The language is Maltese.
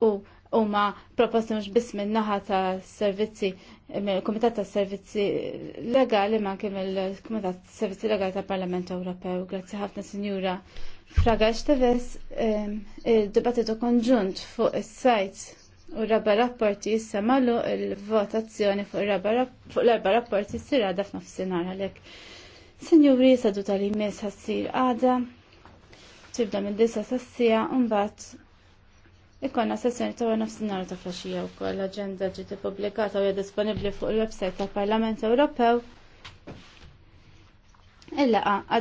u huma proposti mhux biss min-naħa ta' servizzi mill-Kumitat ta' Servizzi Legali ma' anke mill-Kumitat ta' Servizzi Legali ta' Parlament Ewropew. Grazzi ħafna Sinjura Fraga, Teves, ehm, il-dibattitu konġunt fuq is-sajt U raba rapporti issa malu il-votazzjoni fuq l-erba rapporti s-sira da f'nofsinar għalek. Senjuri sadu tal-imis ħassir għada, tibda minn disa sassija, un-bat Ikonna sessjoni ta' nofsinhar ta' flaxija wkoll l-aġenda ġiet ippubblikata u hija disponibbli fuq il-website tal-Parlament Ewropew. Illa